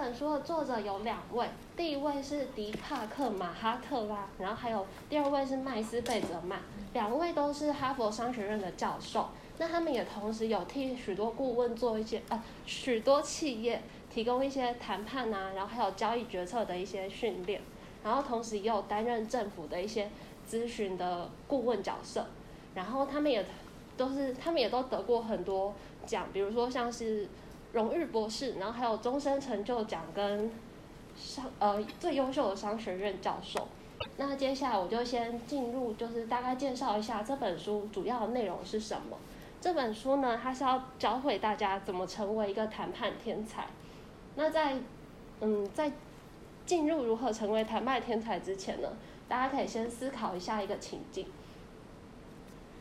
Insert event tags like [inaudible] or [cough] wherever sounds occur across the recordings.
本書的作者有兩位，第一位是迪帕克·馬哈特拉，然後還有第二位是麥斯·貝澤曼，兩位都是哈佛商學院的教授。那他們也同時有替許多顧問做一些呃，許多企業提供一些談判吶、啊，然後還有交易決策的一些訓練，然後同時也有擔任政府的一些諮詢的顧問角色。然後他們也都是，他們也都得過很多獎，比如說像是，榮譽博士，然後還有終身成就獎跟商呃最優秀的商學院教授。那接下來我就先進入，就是大概介紹一下這本書主要的內容是什麼。這本書呢，它是要教會大家怎麼成為一個談判天才。那在嗯在進入如何成為談判天才之前呢，大家可以先思考一下一個情境。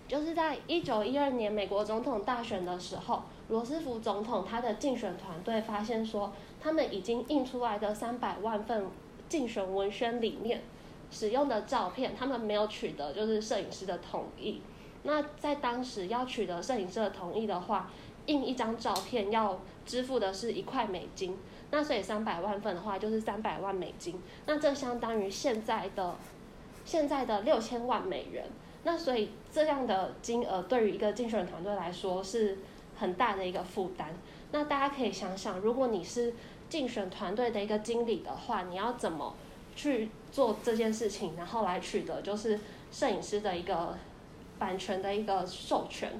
就是在一九一二年美國總統大選的時候，羅斯福總統他的競選團隊發現說，他們已經印出來的三百萬份競選文宣裡面使用的照片，他們沒有取得就是攝影師的同意。那在當時要取得攝影師的同意的話，印一張照片要支付的是一塊美金，那所以三百萬份的話，就是三百萬美金，那這相當於現在的現在的六千萬美元。那所以這樣的金額對於一個競選團隊來說是很大的一個負擔。那大家可以想想，如果你是競選團隊的一個經理的話，你要怎麼去做這件事情，然後來取得就是攝影師的一個版權的一個授權？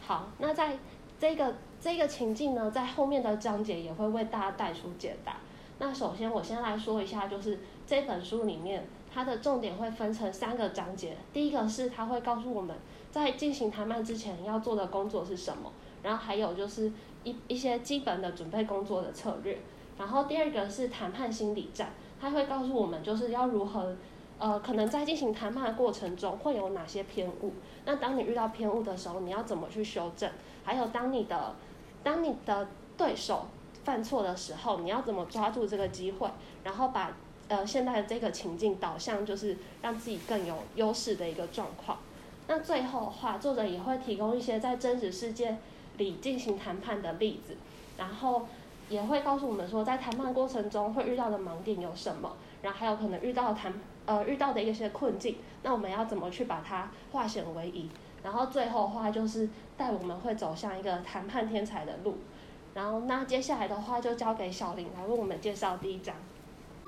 好，那在這個這個情境呢，在後面的章節也會為大家帶出解答。那首先我先來說一下，就是這本書裡面。它的重點會分成三個章節，第一個是它會告訴我們，在進行談判之前要做的工作是什麼，然後還有就是一一些基本的準備工作的策略。然後第二個是談判心理戰，它會告訴我們就是要如何，呃，可能在進行談判的過程中會有哪些偏誤，那當你遇到偏誤的時候，你要怎麼去修正？還有當你的當你的對手犯錯的時候，你要怎麼抓住這個機會，然後把。呃，現在的這個情境導向就是讓自己更有優勢的一個狀況。那最後的話，作者也會提供一些在真實世界裡進行談判的例子，然後也會告訴我們說，在談判過程中會遇到的盲點有什麼，然後還有可能遇到談呃遇到的一些困境，那我們要怎麼去把它化險為夷？然後最後的話就是帶我們會走向一個談判天才的路。然後那接下來的話就交給小林來為我們介紹第一章。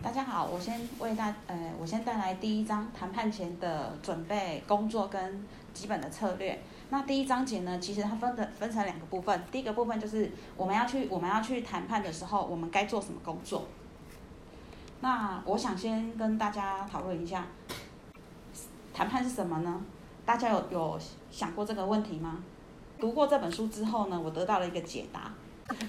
大家好，我先為大，呃，我先帶來第一章談判前的準備工作跟基本的策略。那第一章節呢，其實它分的分成兩個部分，第一個部分就是我們要去我們要去談判的時候，我們該做什麼工作。那我想先跟大家討論一下，談判是什麼呢？大家有有想過這個問題嗎？讀過這本書之後呢，我得到了一個解答。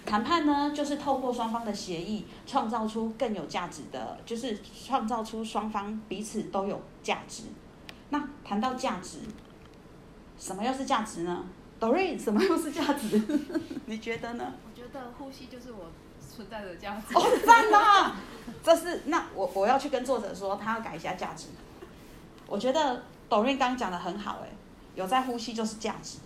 談判呢，就是透過雙方的協議，創造出更有價值的，就是創造出雙方彼此都有價值。那談到價值，什麼又是價值呢？Doreen 什麼又是價值？ [laughs] 你覺得呢？我覺得呼吸就是我存在的價值。 [laughs] 哦，讚、啊？這是那我我要去跟作者說，他要改一下價值。我覺得 Doreen 剛剛講的很好、欸，哎，有在呼吸就是價值。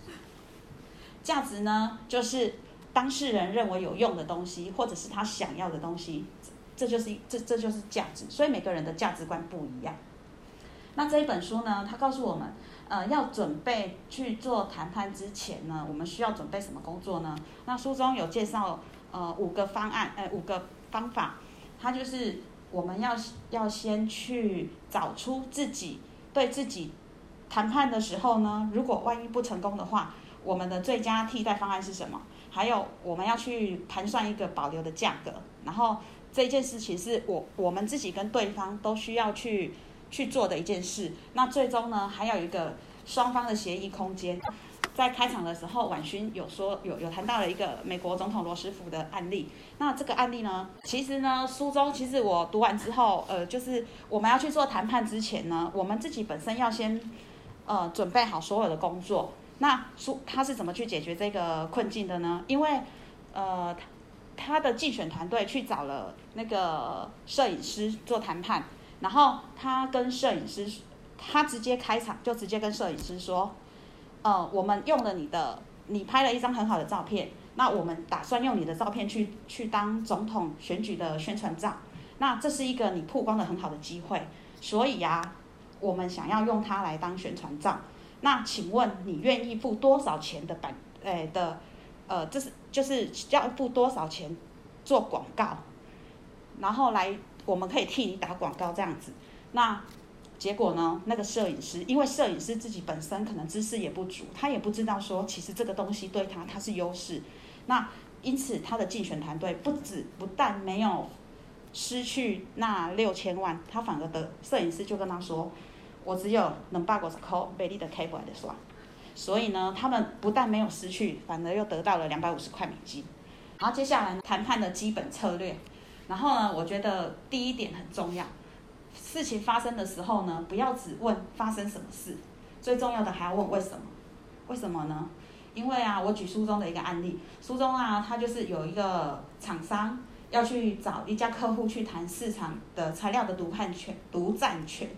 價值呢，就是。當事人認為有用的東西，或者是他想要的東西，這就是這這就是價值。所以每個人的價值觀不一樣。那這一本書呢，它告訴我們，呃，要準備去做談判之前呢，我們需要準備什麼工作呢？那書中有介紹，呃，五個方案，呃，五個方法。它就是我們要要先去找出自己對自己談判的時候呢，如果萬一不成功的話，我們的最佳替代方案是什麼？還有我們要去盤算一個保留的價格，然後這件事情是我我們自己跟對方都需要去去做的一件事。那最終呢，還有一個雙方的協議空間。在開場的時候，婉勳有說有有談到了一個美國總統羅斯福的案例。那這個案例呢，其實呢，書中其實我讀完之後，呃，就是我們要去做談判之前呢，我們自己本身要先呃準備好所有的工作。那說他是怎麼去解決這個困境的呢？因為，呃，他的競選團隊去找了那個攝影師做談判，然後他跟攝影師，他直接開場就直接跟攝影師說，呃，我們用了你的，你拍了一張很好的照片，那我們打算用你的照片去去當總統選舉的宣傳照，那這是一個你曝光的很好的機會，所以呀、啊，我們想要用它來當宣傳照。那請問你願意付多少錢的版？哎、欸、的，呃，這是就是就是要付多少錢做廣告，然後來我們可以替你打廣告這樣子。那結果呢？那個攝影師因為攝影師自己本身可能知識也不足，他也不知道說其實這個東西對他他是優勢。那因此他的競選團隊不止不但沒有失去那六千萬，他反而得攝影師就跟他說。我只有兩百五十塊美麗的 K 過來的，是吧？所以呢，他們不但沒有失去，反而又得到了兩百五十塊美金。然後接下來呢，談判的基本策略，然後呢，我覺得第一點很重要。事情發生的時候呢，不要只問發生什麼事，最重要的還要問為什麼？為什麼呢？因為啊，我舉書中的一個案例，書中啊，他就是有一個廠商要去找一家客戶去談市場的材料的獨判權、獨佔權。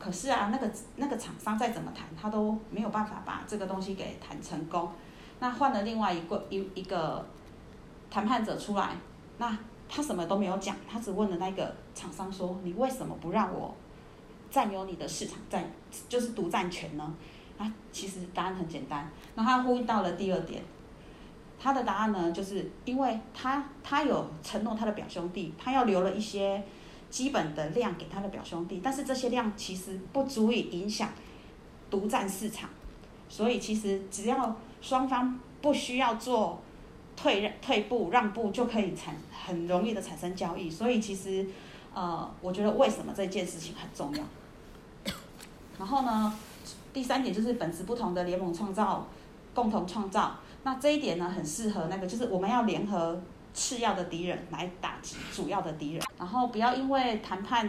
可是啊，那個那個廠商再怎麼談，他都沒有辦法把這個東西給談成功。那換了另外一個一一個談判者出來，那他什麼都沒有講，他只問了那個廠商說：“你為什麼不讓我佔有你的市場佔就是獨佔權呢？”啊，其實答案很簡單，那他呼應到了第二點，他的答案呢就是因為他他有承諾他的表兄弟，他要留了一些。基本的量給他的表兄弟，但是這些量其實不足以影響獨佔市場，所以其實只要雙方不需要做退讓、退步、讓步，就可以產很容易的產生交易。所以其實，呃，我覺得為什麼這件事情很重要。然後呢，第三點就是本質不同的聯盟創造、共同創造。那這一點呢，很適合那個，就是我們要聯合次要的敵人來打擊主要的敵人，然後不要因為談判，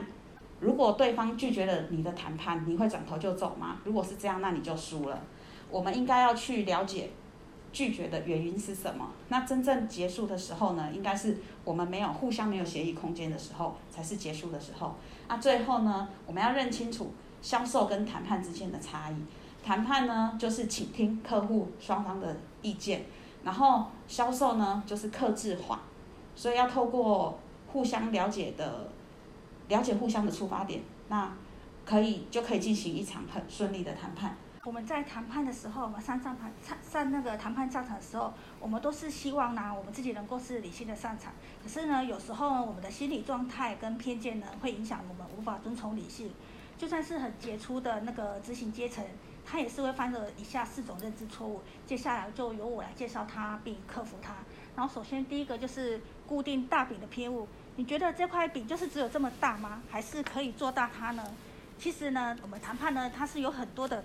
如果對方拒絕了你的談判，你會轉頭就走嗎？如果是這樣，那你就輸了。我們應該要去了解拒絕的原因是什麼。那真正結束的時候呢，應該是我們沒有互相沒有協議空間的時候才是結束的時候。那最後呢，我們要認清楚銷售跟談判之間的差異。談判呢，就是傾聽客戶雙方的意見。然後銷售呢，就是客制化，所以要透過互相了解的、了解互相的出發點，那可以就可以進行一場很順利的談判。我們在談判的時候，我們上戰場、上那個談判戰場的時候，我們都是希望呢、啊，我們自己能夠是理性的上場。可是呢，有時候呢我們的心理狀態跟偏見呢，會影響我們無法遵從理性。就算是很傑出的那個執行階層。他也是會犯了以下四種認知錯誤。接下來就由我來介紹它，並克服它。然後，首先第一個就是固定大餅的偏誤。你覺得這塊餅就是只有這麼大嗎？還是可以做大它呢？其實呢，我們談判呢，它是有很多的。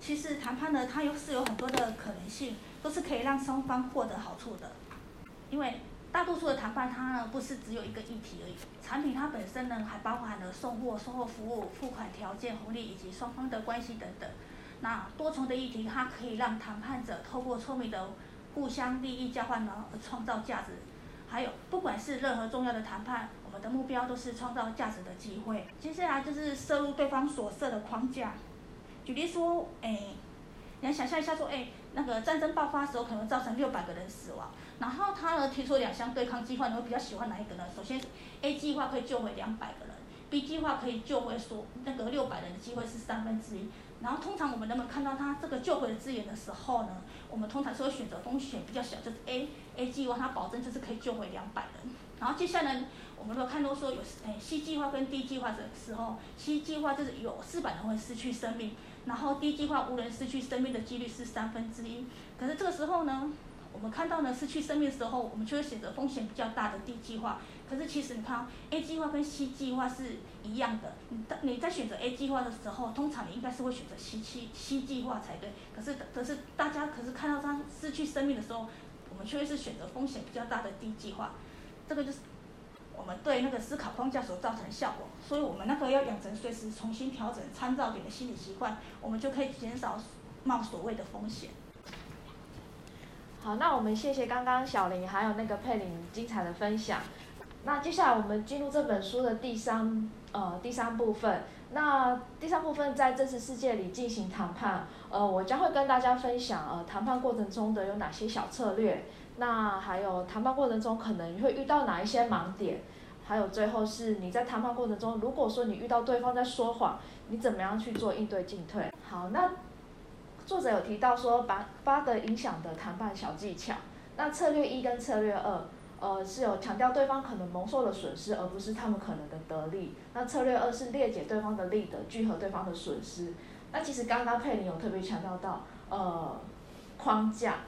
其實談判呢，它又是有很多的可能性，都是可以讓雙方獲得好處的。因為大多數的談判，它呢不是只有一個議題而已。產品它本身呢還包含了送貨、售後服務、付款條件、紅利以及雙方的關係等等。那多重的議題，它可以讓談判者透過聰明的互相利益交換呢而創造價值。還有，不管是任何重要的談判，我們的目標都是創造價值的機會。接下來就是涉入對方所設的框架。舉例說，哎、欸，你要想象一下，說，哎、欸，那個戰爭爆發的時候可能造成六百個人死亡，然後他呢提出兩項對抗計劃，你會比較喜歡哪一個呢？首先，A 計劃可以救回兩百個人，B 計劃可以救回說那個六百人的機會是三分之一。然後通常我們能不能看到他這個救回的資源的時候呢？我們通常是會選擇風險比較小，就是 A A 計劃它保證就是可以救回兩百人。然後接下來我們如果看到說有誒 C 計劃跟 D 計劃的時候，C 計劃就是有四百人會失去生命，然後 D 計劃無人失去生命的幾率是三分之一。可是這個時候呢，我們看到呢失去生命的時候，我們卻會選擇風險比較大的 D 計劃。可是其實你看，A 計劃跟 C 計劃是一樣的。你你在選擇 A 計劃的時候，通常你應該是會選擇 C 計 C 計劃才對。可是可是大家可是看到他失去生命的時候，我們卻會是選擇風險比較大的 D 計劃。這個就是我們對那個思考框架所造成的效果。所以我們那個要養成隨時重新調整參照點的心理習慣，我們就可以減少冒所謂的風險。好，那我們謝謝剛剛小林還有那個佩玲精彩的分享。那接下來我們進入這本書的第三呃第三部分。那第三部分在真實世界裡進行談判，呃，我將會跟大家分享呃談判過程中的有哪些小策略，那還有談判過程中可能會遇到哪一些盲點，還有最後是你在談判過程中，如果說你遇到對方在說謊，你怎麼樣去做應對進退？好，那作者有提到說八個影響的談判小技巧，那策略一跟策略二，呃，是有強調對方可能蒙受的損失，而不是他們可能的得利。那策略二是裂解對方的利得，聚合對方的損失。那其實剛剛佩林有特別強調到，呃，框架。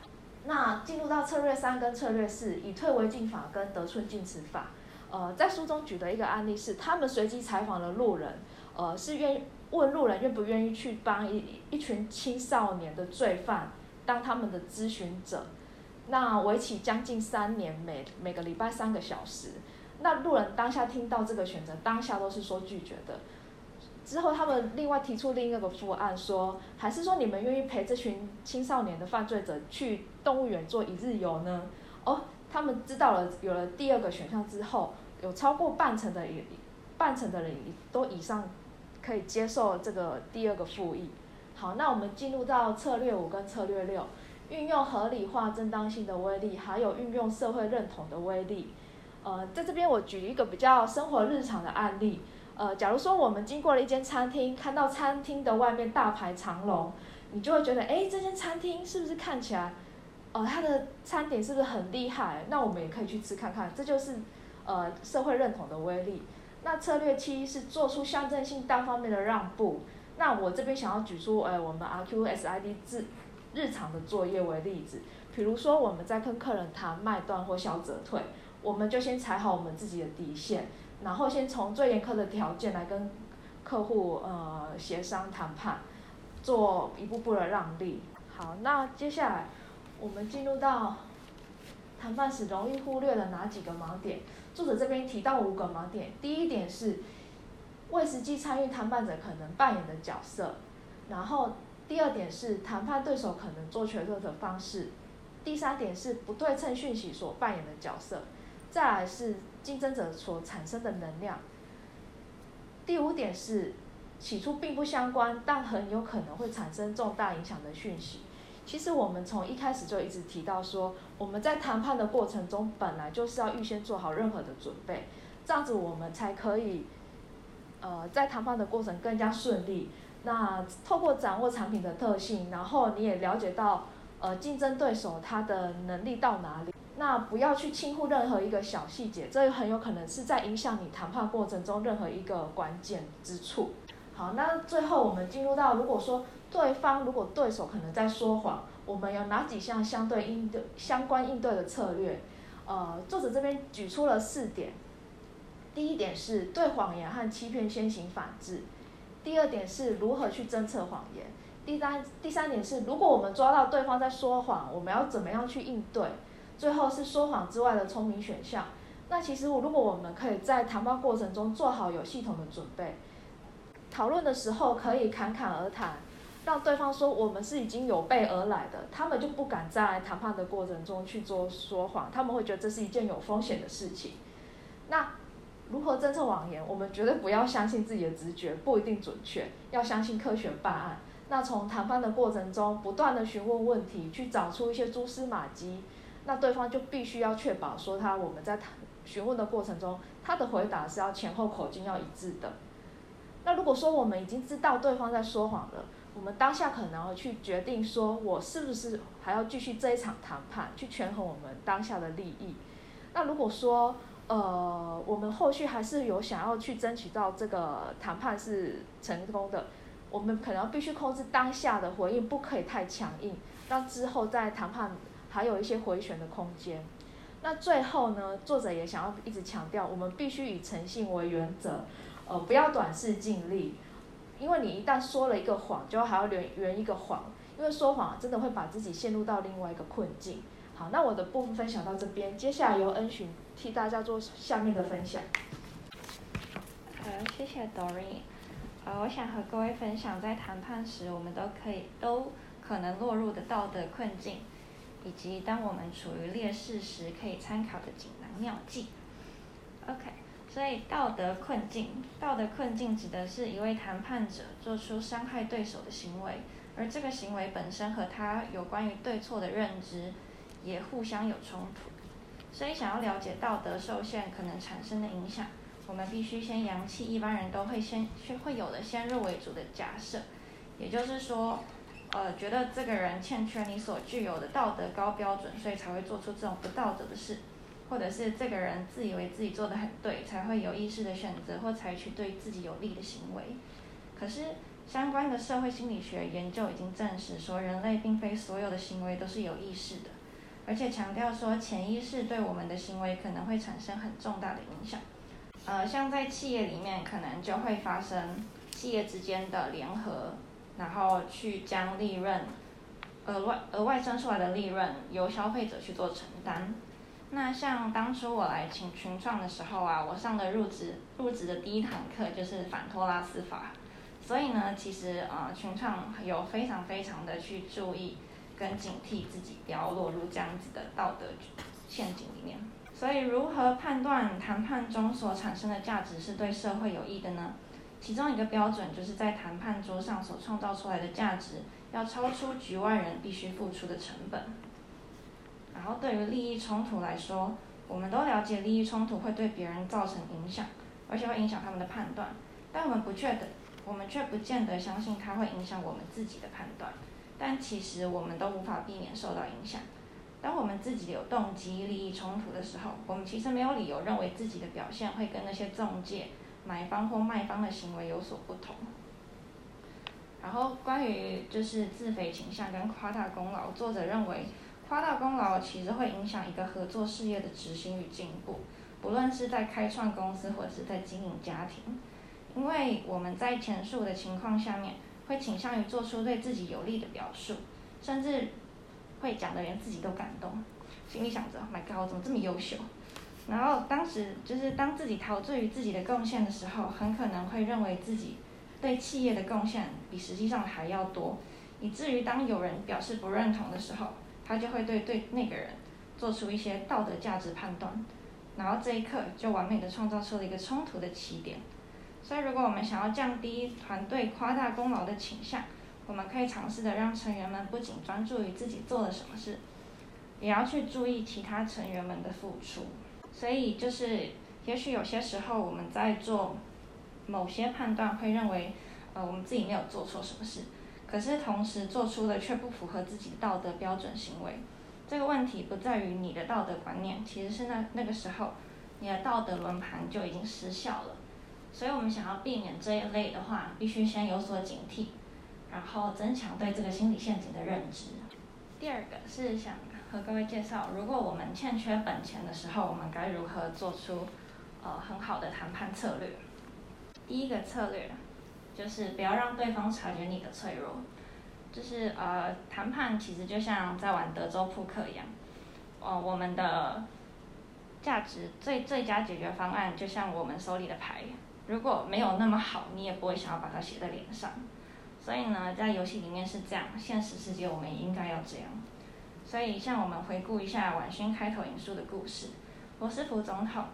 那進入到策略三跟策略四，以退為進法跟得寸進尺法。呃，在書中舉的一個案例是，他們隨機採訪了路人，呃，是願問路人願不願意去幫一一群青少年的罪犯當他們的諮詢者，那為期將近三年，每每個禮拜三個小時。那路人當下聽到這個選擇，當下都是說拒絕的。之後他們另外提出另一個副案說，說還是說你們願意陪這群青少年的犯罪者去動物園做一日遊呢？哦，他們知道了有了第二個選項之後，有超過半成的半成的人以都以上可以接受這個第二個副議。好，那我們進入到策略五跟策略六。運用合理化、正當性的威力，還有運用社會認同的威力。呃，在這邊我舉一個比較生活日常的案例。呃，假如說我們經過了一間餐廳，看到餐廳的外面大排長龍，你就會覺得，哎、欸，這間餐廳是不是看起來，呃，它的餐點是不是很厲害？那我們也可以去吃看看。這就是，呃，社會認同的威力。那策略七是做出象徵性單方面的讓步。那我這邊想要舉出，誒、欸，我們 RQSID 字日常的作業為例子，比如說我們在跟客人談賣斷或消折退，我們就先踩好我們自己的底線，然後先從最嚴苛的條件來跟客戶呃協商談判，做一步步的讓利。好，那接下來我們進入到談判時容易忽略了哪幾個盲點？作者這邊提到五個盲點，第一點是未實際參與談判者可能扮演的角色，然後。第二點是談判對手可能做決策的方式，第三點是不對稱訊息所扮演的角色，再來是競爭者所產生的能量，第五點是起初並不相關但很有可能會產生重大影響的訊息。其實我們從一開始就一直提到說，我們在談判的過程中本來就是要預先做好任何的準備，這樣子我們才可以，呃，在談判的過程更加順利。那透過掌握產品的特性，然後你也了解到，呃，競爭對手他的能力到哪裡，那不要去輕忽任何一個小細節，這很有可能是在影響你談判過程中任何一個關鍵之處。好，那最後我們進入到，如果說對方如果對手可能在說謊，我們有哪幾項相對應的、相關應對的策略？呃，作者這邊舉出了四點，第一點是對謊言和欺騙先行反制。第二點是如何去偵測謊言，第三第三點是如果我們抓到對方在說謊，我們要怎麼樣去應對？最後是說謊之外的聰明選項。那其實我如果我們可以在談判過程中做好有系統的準備，討論的時候可以侃侃而談，讓對方說我們是已經有備而來的，他們就不敢在談判的過程中去做說謊，他們會覺得這是一件有風險的事情。那如何偵測謊言？我們絕對不要相信自己的直覺，不一定準確，要相信科學辦案。那從談判的過程中，不斷地詢問問題，去找出一些蛛絲馬跡。那對方就必須要確保說他我們在談詢問的過程中，他的回答是要前後口徑要一致的。那如果說我們已經知道對方在說謊了，我們當下可能要去決定說，我是不是還要繼續這一場談判，去權衡我們當下的利益。那如果說，呃，我們後續還是有想要去爭取到這個談判是成功的。我們可能要必須控制當下的回應，不可以太強硬，讓之後在談判還有一些回旋的空間。那最後呢，作者也想要一直強調，我們必須以誠信為原則，呃，不要短視近利，因為你一旦說了一個謊，就還要圓圓一個謊，因為說謊啊，真的會把自己陷入到另外一個困境。好，那我的部分分享到這邊，接下來由恩尋。替大家做下面的分享。好，okay, 謝謝 Doreen，哦，我想和各位分享在談判時，我們都可以都可能落入的道德困境，以及當我們處於劣勢時可以參考的錦囊妙計。OK，所以道德困境，道德困境指的是一位談判者做出傷害對手的行為，而這個行為本身和他有關於對錯的認知也互相有衝突。所以，想要了解道德受限可能產生的影響，我們必須先揚棄一般人都會先先會有的先入為主的假設，也就是說，呃，覺得這個人欠缺你所具有的道德高標準，所以才會做出這種不道德的事，或者是這個人自以為自己做得很對，才會有意識的選擇或採取對自己有利的行為。可是，相關的社會心理學研究已經證實，說人類並非所有的行為都是有意識的。而且強調說，潛意識對我們的行為可能會產生很重大的影響。呃，像在企業裡面，可能就會發生企業之間的聯合，然後去將利潤額外額外增出來的利潤由消費者去做承擔。那像當初我來請群創的時候啊，我上的入職入職的第一堂課就是反托拉斯法。所以呢，其實呃，群創有非常非常的去注意。跟警惕自己不要落入這樣子的道德陷阱裡面。所以，如何判斷談判中所產生的價值是對社會有益的呢？其中一個標準就是在談判桌上所創造出來的價值要超出局外人必須付出的成本。然後，對於利益衝突來說，我們都了解利益衝突會對別人造成影響，而且會影響他們的判斷。但我們不確的，我們卻不見得相信它會影響我們自己的判斷。但其實我們都無法避免受到影響。當我們自己有動機、利益衝突的時候，我們其實沒有理由認為自己的表現會跟那些中介、買方或賣方的行為有所不同。然後關於就是自肥傾向跟誇大功勞，作者認為誇大功勞其實會影響一個合作事業的執行與進步，不論是在開創公司或者是在經營家庭，因為我們在前述的情況下面。會傾向於做出對自己有利的表述，甚至會講得連自己都感動，心裡想着、oh、“my god，我怎麼這麼優秀？”然後當時就是當自己陶醉於自己的貢獻的時候，很可能會認為自己對企業的貢獻比實際上還要多，以至於當有人表示不認同的時候，他就會對對那個人做出一些道德價值判斷，然後這一刻就完美的創造出了一個衝突的起點。所以，如果我們想要降低團隊誇大功勞的傾向，我們可以嘗試的讓成員們不僅專注於自己做了什麼事，也要去注意其他成員們的付出。所以，就是也許有些時候我們在做某些判斷，會認為，呃，我們自己沒有做錯什麼事，可是同時做出的却不符合自己道德標準行為。這個問題不在於你的道德觀念，其實是那那個時候，你的道德輪盤就已經失效了。所以，我們想要避免這一類的話，必須先有所警惕，然後增強對這個心理陷阱的認知。嗯、第二個是想和各位介紹，如果我們欠缺本錢的時候，我們該如何做出呃很好的談判策略？第一個策略就是不要讓對方察覺你的脆弱。就是呃，談判其實就像在玩德州撲克一樣，呃，我們的價值最最佳解決方案就像我們手裡的牌。如果沒有那麼好，你也不會想要把它寫在臉上。所以呢，在遊戲裡面是這樣，現實世界我們也應該要這樣。所以，像我們回顧一下晚宣開頭引述的故事，羅斯福總統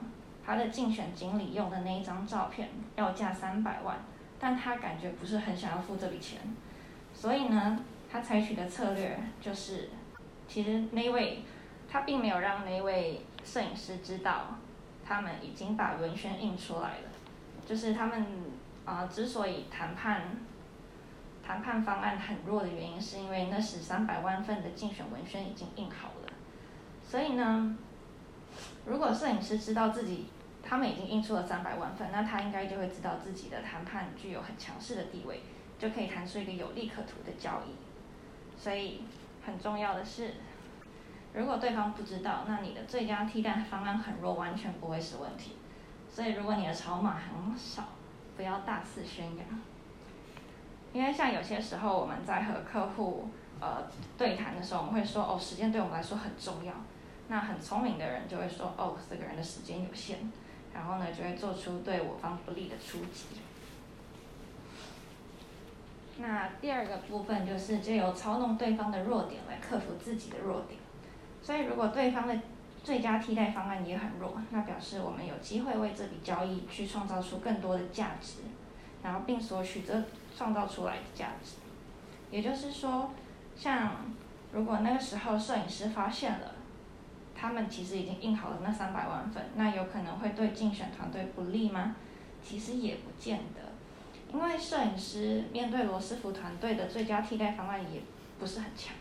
他的競選經理用的那一張照片要價三百萬，但他感覺不是很想要付這筆錢。所以呢，他採取的策略就是，其實那位他並沒有讓那位攝影師知道，他們已經把文宣印出來了。就是他們啊、呃，之所以談判談判方案很弱的原因，是因為那時三百萬份的競選文宣已經印好了。所以呢，如果攝影師知道自己他們已經印出了三百萬份，那他應該就會知道自己的談判具有很強勢的地位，就可以談出一個有利可圖的交易。所以很重要的是，如果對方不知道，那你的最佳替代方案很弱，完全不會是問題。所以，如果你的籌碼很少，不要大肆宣揚。因為像有些時候我們在和客戶呃對談的時候，我們會說哦，時間對我們來說很重要。那很聰明的人就會說哦，這個人的時間有限，然後呢就會做出對我方不利的出擊。那第二個部分就是借由操弄對方的弱點來克服自己的弱點。所以，如果對方的最佳替代方案也很弱，那表示我們有機會為這筆交易去創造出更多的價值，然後並索取這創造出來的價值。也就是說，像如果那個時候攝影師發現了，他們其實已經印好了那三百萬份，那有可能會對競選團隊不利嗎？其實也不見得，因為攝影師面對羅斯福團隊的最佳替代方案也不是很強。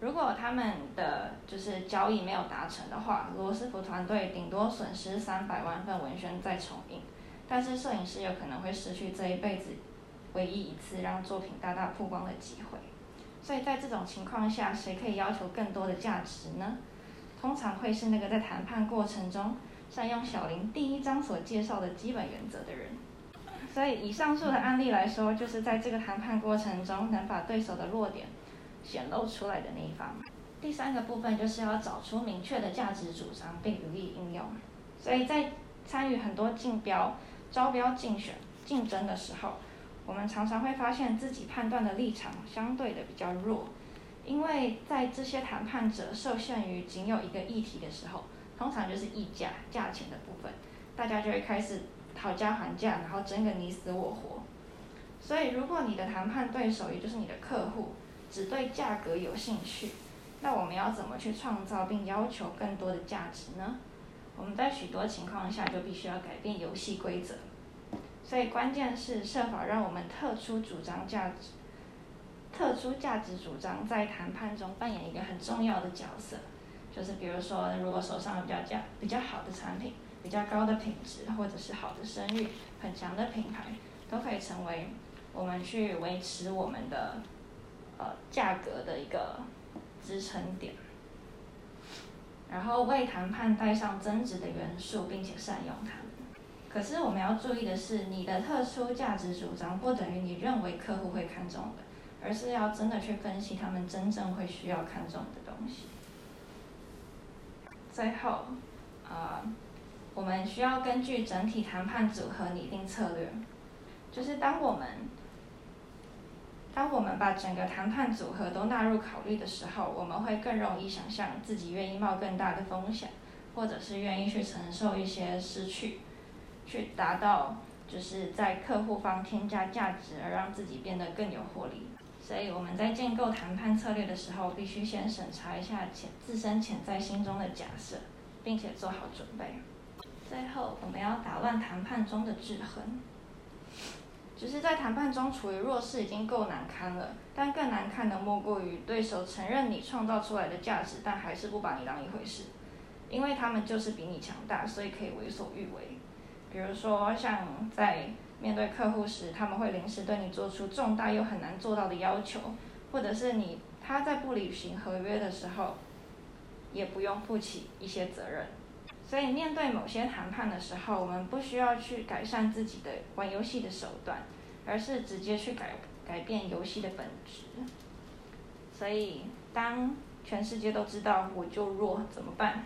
如果他們的就是交易沒有達成的話，羅斯福團隊頂多損失三百萬份文宣再重印，但是攝影師有可能會失去這一輩子唯一一次讓作品大大曝光的機會。所以在這種情況下，誰可以要求更多的價值呢？通常會是那個在談判過程中善用小林第一章所介紹的基本原則的人。所以以上述的案例來說，就是在這個談判過程中能把對手的弱點，顯露出來的那一方。第三個部分就是要找出明確的價值主張，並予以應用。所以在參與很多競標、招標、競選、競爭的時候，我們常常會發現自己判斷的立場相對的比較弱，因為在這些談判者受限於僅有一個議題的時候，通常就是議價、價錢的部分，大家就會開始討價還價，然後爭個你死我活。所以，如果你的談判對手也就是你的客戶，只對價格有興趣，那我們要怎麼去創造並要求更多的價值呢？我們在許多情況下就必須要改變遊戲規則。所以關鍵是設法讓我們特殊主張價值，特殊價值主張在談判中扮演一個很重要的角色。就是比如說，如果手上有比較價比較好的產品，比較高的品質，或者是好的聲譽，很強的品牌，都可以成為我們去維持我們的。呃，價格的一個支撐點，然後為談判帶上增值的元素，並且善用它們。可是我們要注意的是，你的特殊價值主張不等於你認為客戶會看中的，而是要真的去分析他們真正會需要看中的東西。最後，呃，我們需要根據整體談判組合擬定策略，就是當我們。當我們把整個談判組合都納入考慮的時候，我們會更容易想象自己願意冒更大的風險，或者是願意去承受一些失去，去達到就是在客戶方添加價值，而讓自己變得更有獲利。所以我們在建構談判策略的時候，必須先審查一下潛自身潛在心中的假設，並且做好準備。最後，我們要打亂談判中的制衡。只是在談判中處於弱勢已經夠難堪了，但更難看的莫過於對手承認你創造出來的價值，但還是不把你當一回事，因為他們就是比你強大，所以可以為所欲為。比如說，像在面對客戶時，他們會臨時對你做出重大又很難做到的要求，或者是你，他在不履行合約的時候，也不用負起一些責任。所以面對某些談判的時候，我們不需要去改善自己的玩遊戲的手段，而是直接去改改變遊戲的本質。所以當全世界都知道我就弱，怎麼辦？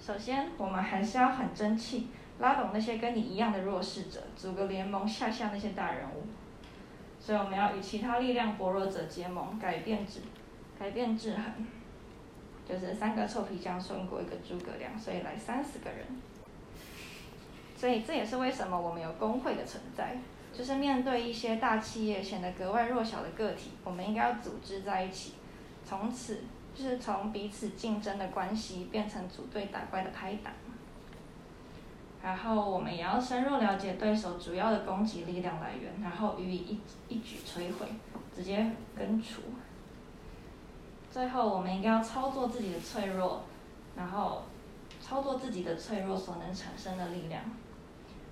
首先我們還是要很爭氣，拉攏那些跟你一樣的弱勢者，組個聯盟，嚇嚇那些大人物。所以我們要與其他力量薄弱者結盟，改變制，改變制衡。就是三個臭皮匠勝過一個諸葛亮，所以來三十個人。所以這也是為什麼我們有工會的存在，就是面對一些大企業顯得格外弱小的個體，我們應該要組織在一起，從此就是從彼此競爭的關係變成組隊打怪的拍檔。然後我們也要深入了解對手主要的攻擊力量來源，然後予以一一舉摧毀，直接根除。最後，我們應該要操作自己的脆弱，然後操作自己的脆弱所能產生的力量。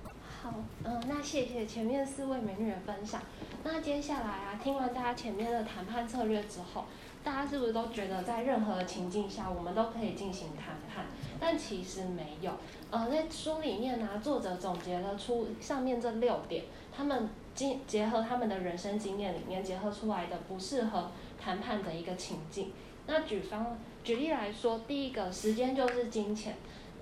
好，嗯、呃，那謝謝前面四位美女的分享。那接下來啊，聽完大家前面的談判策略之後，大家是不是都覺得在任何的情境下我們都可以進行談判？但其實沒有。呃，在書裡面呢、啊，作者總結了出上面這六點，他們經結合他們的人生經驗裡面結合出來的不適合談判的一個情境。那舉方舉例來說，第一個，時間就是金錢。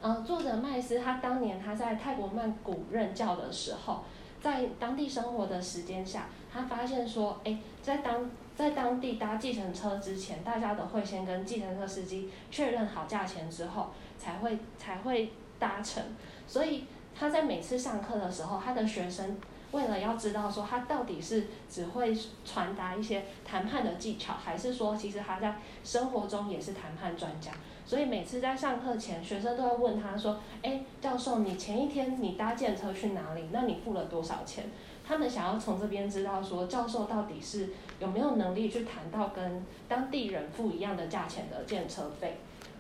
嗯、呃，作者麥斯他當年他在泰國曼谷任教的時候，在當地生活的時間下，他發現說，哎、欸，在當在當地搭計程車之前，大家都會先跟計程車司機確認好價錢之後，才會才會搭乘。所以他在每次上課的時候，他的學生。為了要知道說他到底是只會傳達一些談判的技巧，還是說其實他在生活中也是談判專家，所以每次在上課前，學生都會問他說：“誒，教授，你前一天你搭建車去哪裡？那你付了多少錢？”他們想要從這邊知道說教授到底是有沒有能力去談到跟當地人付一樣的價錢的建車費。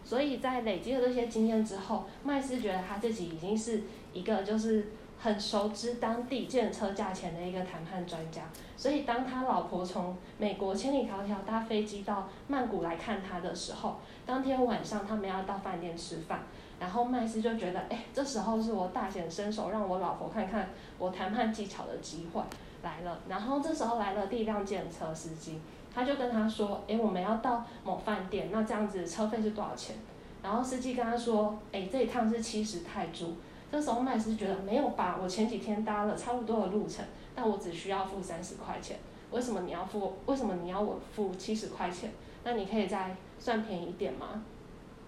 所以在累積了這些經驗之後，麥斯覺得他自己已經是一個就是。很熟知當地建車價錢的一個談判專家，所以當他老婆從美國千里迢迢搭飛機到曼谷來看他的時候，當天晚上他們要到飯店吃飯，然後麥斯就覺得，哎、欸，這時候是我大顯身手，讓我老婆看看我談判技巧的機會來了。然後這時候來了第一輛建車司機，他就跟他說，哎、欸，我們要到某飯店，那這樣子車費是多少錢？然後司機跟他說，哎、欸，這一趟是七十泰銖。這時候麥斯覺得沒有吧，我前幾天搭了差不多的路程，但我只需要付三十塊錢。為什麼你要付？為什麼你要我付七十塊錢？那你可以再算便宜一點嗎？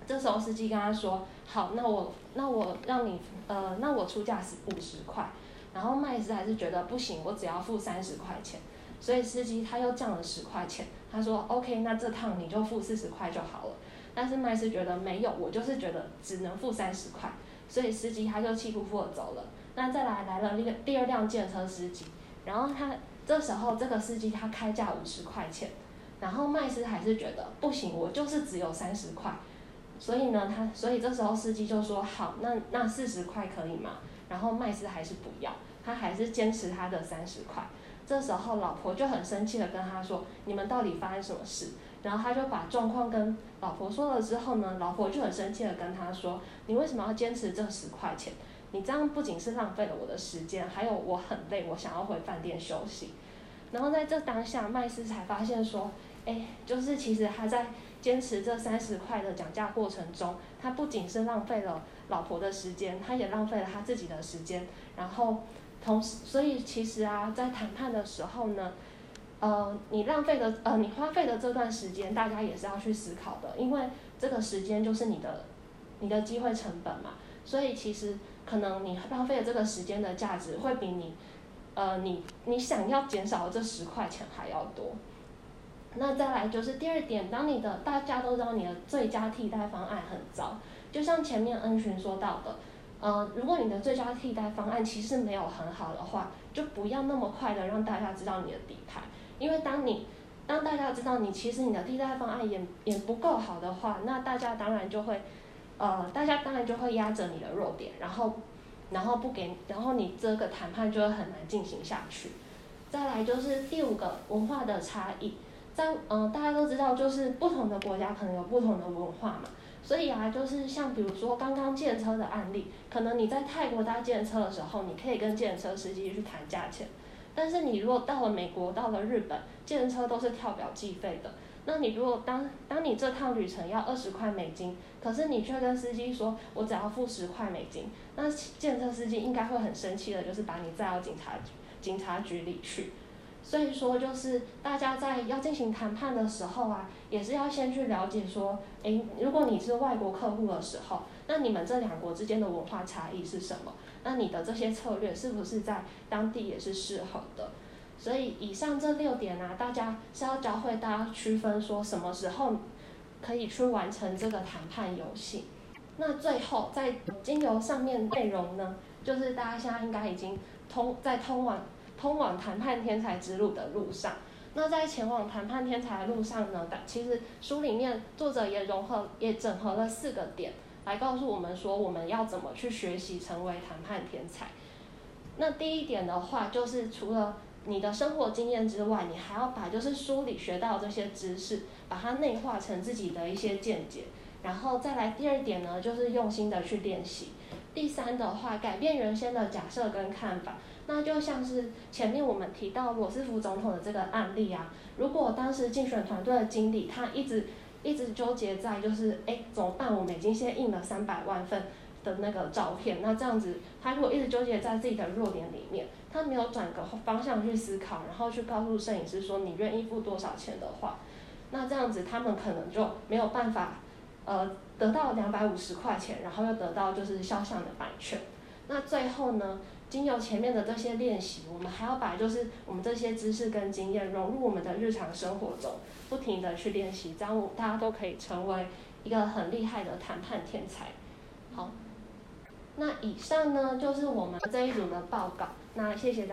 這時候司機跟他說：“好，那我那我讓你呃，那我出價是五十塊。”然後麥斯還是覺得不行，我只要付三十塊錢。所以司機他又降了十塊錢，他說：“OK，那這趟你就付四十塊就好了。”但是麥斯覺得沒有，我就是覺得只能付三十塊。所以司機他就氣呼呼地走了。那再來，來了那個第二輛轎車司機，然後他這時候這個司機他開價五十塊錢，然後麥斯還是覺得不行，我就是只有三十塊。所以呢他，所以這時候司機就說好，那那四十塊可以嗎？然後麥斯還是不要，他還是堅持他的三十塊。這時候老婆就很生氣地跟他說，你們到底發生什麼事？然後他就把狀況跟老婆說了之後呢，老婆就很生氣的跟他說：“你為什麼要堅持這十塊錢？你這樣不僅是浪費了我的時間，還有我很累，我想要回飯店休息。”然後在這當下，麥斯才發現說：“誒，就是其實他在堅持這三十塊的講價過程中，他不僅是浪費了老婆的時間，他也浪費了他自己的時間。然後同時，所以其實啊，在談判的時候呢。”呃，你浪費的，呃，你花費的這段時間，大家也是要去思考的，因為這個時間就是你的，你的機會成本嘛。所以其實可能你浪費的這個時間的價值會比你，呃，你你想要減少這十塊錢還要多。那再來就是第二點，當你的大家都知道你的最佳替代方案很糟，就像前面恩尋說到的，呃，如果你的最佳替代方案其實沒有很好的話，就不要那麼快的讓大家知道你的底牌。因為當你當大家知道你其實你的替代方案也也不夠好的話，那大家當然就會，呃，大家當然就會壓着你的弱點，然後，然後不給，然後你這個談判就會很難進行下去。再來就是第五個文化的差異，在嗯、呃、大家都知道，就是不同的國家可能有不同的文化嘛，所以啊，就是像比如說剛剛借車的案例，可能你在泰國搭借車的時候，你可以跟借車司機去談價錢。但是你如果到了美國，到了日本，計程車都是跳表計費的。那你如果當當你這趟旅程要二十塊美金，可是你卻跟司機說，我只要付十塊美金，那計程車司機應該會很生氣的，就是把你載到警察局警察局裡去。所以說，就是大家在要進行談判的時候啊，也是要先去了解說，誒、欸，如果你是外國客戶的時候，那你們這兩國之間的文化差異是什麼？那你的這些策略是不是在當地也是適合的？所以以上這六點啊，大家是要教會大家區分，說什麼時候可以去完成這個談判遊戲。那最後在經由上面內容呢，就是大家現在應該已經通在通往通往談判天才之路的路上。那在前往談判天才的路上呢，但其實書裡面作者也融合也整合了四個點。來告訴我們說，我們要怎麼去學習成為談判天才。那第一點的話，就是除了你的生活經驗之外，你還要把就是書裡學到這些知識，把它內化成自己的一些見解。然後再來第二點呢，就是用心的去練習。第三的話，改變原先的假設跟看法。那就像是前面我們提到羅斯福總統的這個案例啊，如果當時競選團隊的經理，他一直一直糾結在就是哎、欸、怎麼辦？我們已經先印了三百萬份的那個照片，那這樣子他如果一直糾結在自己的弱點裡面，他沒有轉個方向去思考，然後去告訴攝影師說，你願意付多少錢的話，那這樣子他們可能就沒有辦法，呃，得到兩百五十塊錢，然後又得到就是肖像的版權，那最後呢？經由前面的這些練習，我們還要把就是我們這些知識跟經驗融入我們的日常生活中，不停的去練習，這樣我們大家都可以成為一個很厲害的談判天才。好，那以上呢就是我們這一組的報告，那謝謝大家。